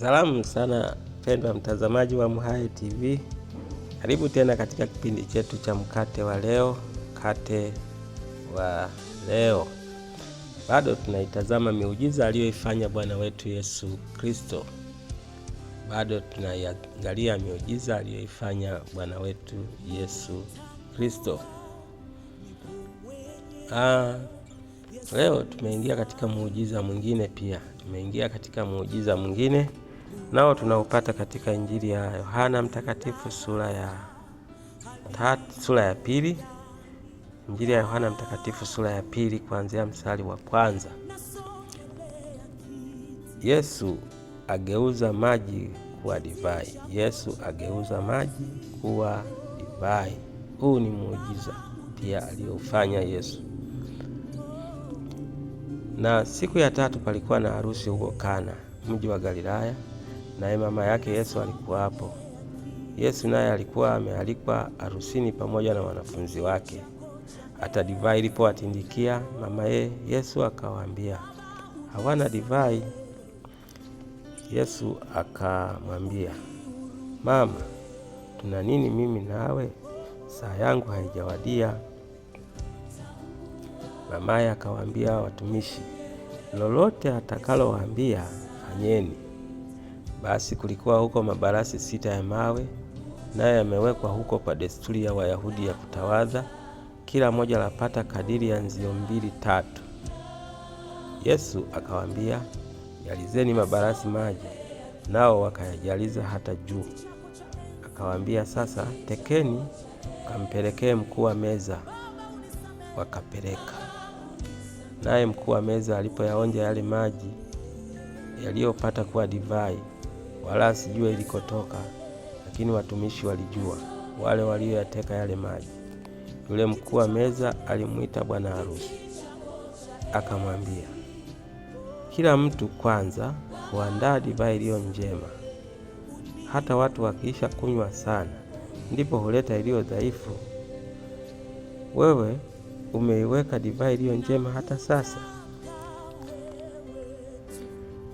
Salamu sana mpendwa mtazamaji wa MHAE TV, karibu tena katika kipindi chetu cha mkate wa leo. Mkate wa leo bado tunaitazama miujiza aliyoifanya Bwana wetu Yesu Kristo, bado tunaiangalia miujiza aliyoifanya Bwana wetu Yesu Kristo. Ah, leo tumeingia katika muujiza mwingine pia, tumeingia katika muujiza mwingine nao tunaupata katika Injili ya Yohana Mtakatifu sura ya tatu, sura ya pili. Injili ya Yohana Mtakatifu sura ya pili kuanzia mstari wa kwanza. Yesu ageuza maji kuwa divai. Yesu ageuza maji kuwa divai. Huu ni muujiza pia aliyofanya Yesu. Na siku ya tatu palikuwa na harusi huko Kana, mji wa Galilaya naye mama yake Yesu alikuwa hapo. Yesu naye alikuwa amealikwa harusini pamoja na wanafunzi wake. Hata divai ilipowatindikia mama ye Yesu akawaambia hawana divai. Yesu akamwambia mama, tuna nini mimi nawe? Saa yangu haijawadia. Mamaye akawaambia watumishi, lolote atakalowaambia fanyeni. Basi kulikuwa huko mabarasi sita ya mawe, nayo yamewekwa huko kwa desturi ya Wayahudi ya kutawadha, kila moja lapata kadiri ya nzio mbili tatu. Yesu akawaambia, jalizeni mabarasi maji, nao wakayajaliza hata juu. Akawaambia, sasa tekeni mkampelekee mkuu wa meza. Wakapeleka. Naye mkuu wa meza alipoyaonja yale maji yaliyopata kuwa divai wala sijua ilikotoka, lakini watumishi walijua, wale walioyateka yale maji. Yule mkuu wa meza alimwita bwana harusi akamwambia, kila mtu kwanza huandaa divai iliyo njema, hata watu wakiisha kunywa sana, ndipo huleta iliyo dhaifu. Wewe umeiweka divai iliyo njema hata sasa.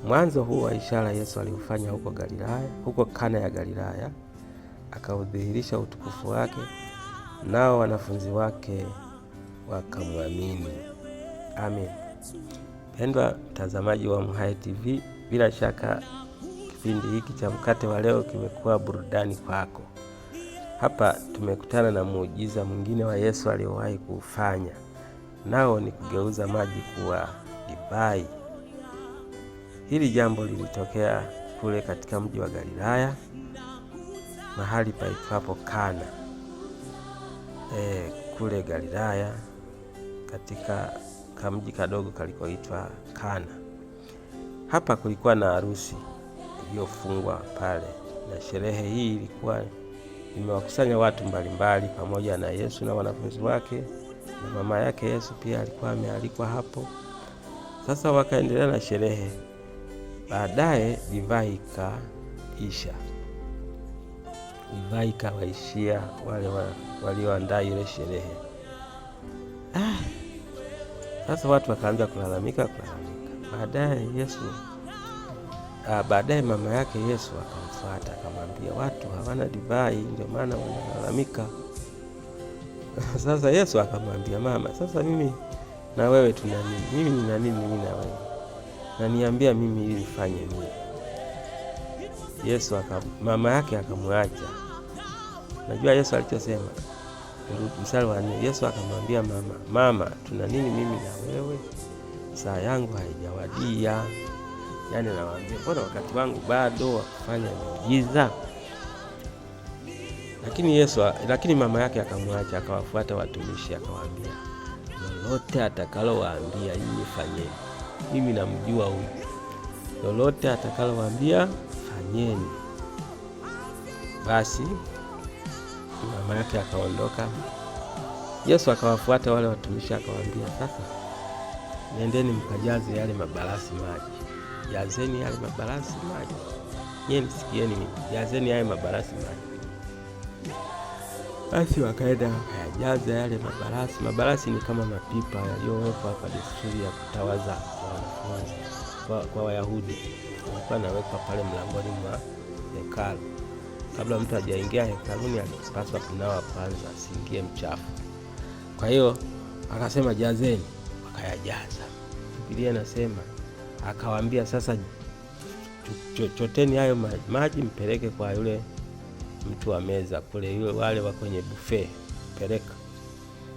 Mwanzo huu wa ishara Yesu aliufanya huko Galilaya, huko Kana ya Galilaya, akaudhihirisha utukufu wake, nao wanafunzi wake wakamwamini. Amen. Pendwa mtazamaji wa MHAE TV, bila shaka kipindi hiki cha mkate wa leo kimekuwa burudani kwako. Hapa tumekutana na muujiza mwingine wa Yesu aliyowahi kuufanya, nao ni kugeuza maji kuwa divai. Hili jambo lilitokea kule katika mji wa Galilaya mahali paitwapo Kana e, kule Galilaya katika kamji kadogo kalikoitwa Kana. Hapa kulikuwa na harusi iliyofungwa pale, na sherehe hii ilikuwa imewakusanya watu mbalimbali pamoja na Yesu na wanafunzi wake na mama yake Yesu pia alikuwa amealikwa hapo. Sasa wakaendelea na sherehe. Baadaye divai ikaisha, divai ikawaishia wale walioandaa ile sherehe. Ah, sasa watu wakaanza kulalamika kulalamika. Baadaye Yesu ah, baadaye mama yake Yesu akamfuata akamwambia, watu hawana divai, ndio maana wanalalamika. Sasa Yesu akamwambia mama, sasa mimi na wewe tuna nini? Mimi nina nini? Mimi na wewe na niambia mimi ili nifanye nini? Yesu aka, mama yake akamwacha. Najua Yesu alichosema mstari wa nne. Yesu akamwambia mama, mama, tuna nini mimi na wewe? Saa yangu haijawadia. Yaani nawaambia mbona wakati wangu bado wa kufanya miujiza. Lakini Yesu, lakini mama yake akamwacha, akawafuata watumishi, akawaambia lolote atakalowaambia, nyinyi fanyeni mimi namjua huyu, lolote atakalowambia fanyeni. Basi mama yake akaondoka. Yesu akawafuata wale watumishi, akawaambia, sasa nendeni mkajaze yale mabarasi maji, jazeni yale mabarasi maji. Nyie msikieni mimi, jazeni yale mabarasi maji basi wakaenda wakayajaza yale mabarasi. Mabarasi ni kama mapipa yaliyowekwa kwa desturi ya kutawaza wanafunzi kwa, kwa Wayahudi alikuwa anawekwa pale mlangoni mwa hekalu. Kabla mtu hajaingia hekaluni, alipaswa kunawa kwanza, asiingie mchafu. Kwa hiyo akasema jazeni, wakayajaza. Biblia inasema akawaambia, sasa chochoteni hayo maji mpeleke kwa yule mtu wa meza kule, yule wale wa kwenye buffet peleka.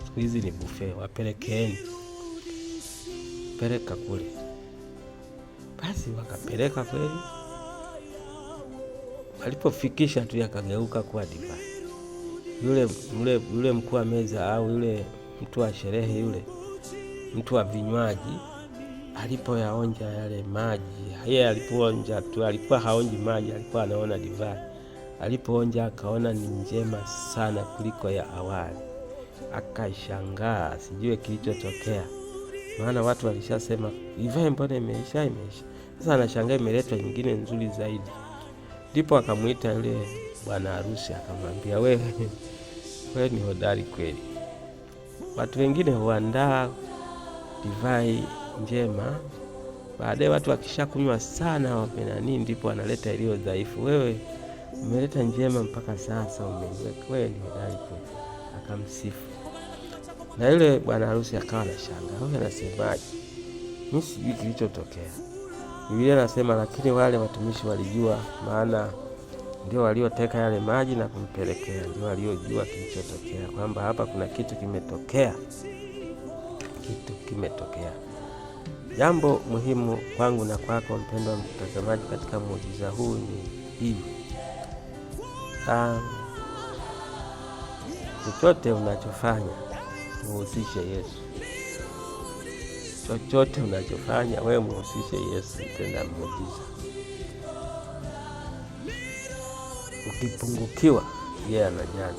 Siku hizi ni buffet, wapelekeni peleka kule. Basi wakapeleka kweli, walipofikisha tu yakageuka kuwa divai. Yule, yule, yule mkuu wa meza au yule mtu wa sherehe yule mtu wa vinywaji alipoyaonja yale maji, yeye alipoonja tu, alikuwa haonji maji, alikuwa anaona divai. Alipoonja akaona ni njema sana kuliko ya awali, akashangaa sijue kilichotokea, maana watu walishasema ivae mbona imeisha imeisha. Sasa anashangaa imeletwa nyingine nzuri zaidi. Ndipo akamwita yule bwana harusi akamwambia, wewe wewe ni hodari kweli. Watu wengine huandaa divai njema, baadaye watu wakishakunywa sana wapenanii, ndipo analeta iliyo dhaifu. Wewe umeleta njema mpaka sasa, umeiweka kweli hodari Akamsifu na yule bwana harusi akawa na shanga, huyu anasemaje? Mimi sijui kilichotokea. Biblia anasema lakini wale watumishi walijua, maana ndio walioteka yale maji na kumpelekea, ndio waliojua kilichotokea, kwamba hapa kuna kitu kimetokea, kitu kimetokea. Jambo muhimu kwangu na kwako, mpendwa mtazamaji, katika muujiza huu ni hivi um, chochote unachofanya muhusishe Yesu. Chochote unachofanya wewe muhusishe Yesu tenda muujiza. Ukipungukiwa yeye anajana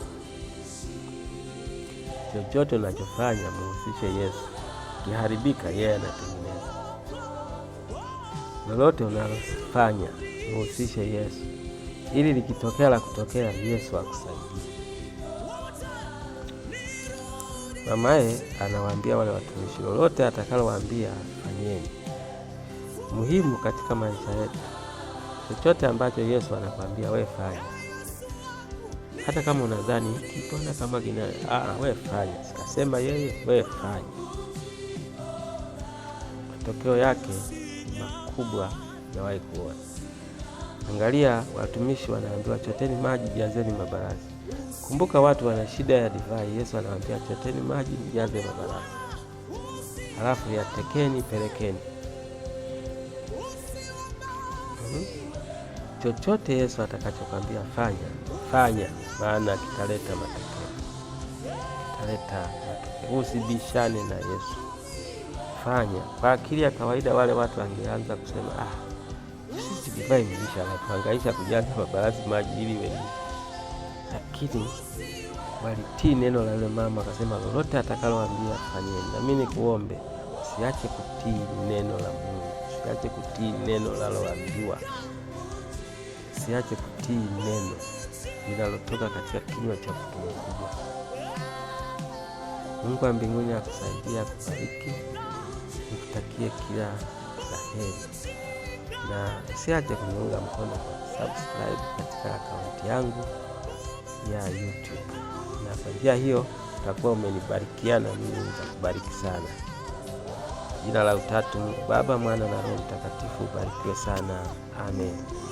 Chochote unachofanya muhusishe Yesu. kiharibika yeye anatengeneza. Lolote unalofanya muhusishe Yesu ili likitokea la kutokea, Yesu akusaidie. Mamaye anawaambia wale watumishi, lolote atakalowaambia fanyeni. Muhimu katika maisha yetu, chochote ambacho Yesu anakwambia wewe fanya, hata kama unadhani hiki kama kina wewe fanya, sikasema yeye, wewe fanya. Matokeo yake makubwa, nawahi kuona. Angalia, watumishi wanaambiwa choteni maji, jazeni mabarazi. Kumbuka watu wana shida ya divai. Yesu anawaambia choteni maji, mjaze mabarazi, halafu yatekeni, pelekeni. -hmm. Chochote Yesu atakachokwambia fanya, fanya, maana kitaleta matokeo, kitaleta matokeo. Usibishane na Yesu, fanya. Kwa akili ya kawaida wale watu wangeanza kusema ah 65 isha anatuhangaisha kujaza mabarasi maji ili iwe, lakini walitii neno la yule mama, akasema lolote atakaloambia fanyeni. Na mimi nikuombe usiache kutii neno la Mungu, usiache kutii neno laloambiwa, usiache kutii neno linalotoka katika kinywa cha mtu mkubwa. Mungu wa mbinguni akusaidia, akubariki, nikutakie kila la heri na usiache kuniunga mkono kwa subscribe katika akaunti yangu ya YouTube, na kwa njia hiyo utakuwa umenibarikiana mimi nitakubariki sana. Jina la utatu Baba, Mwana na Roho Mtakatifu ubarikiwe sana. Amen.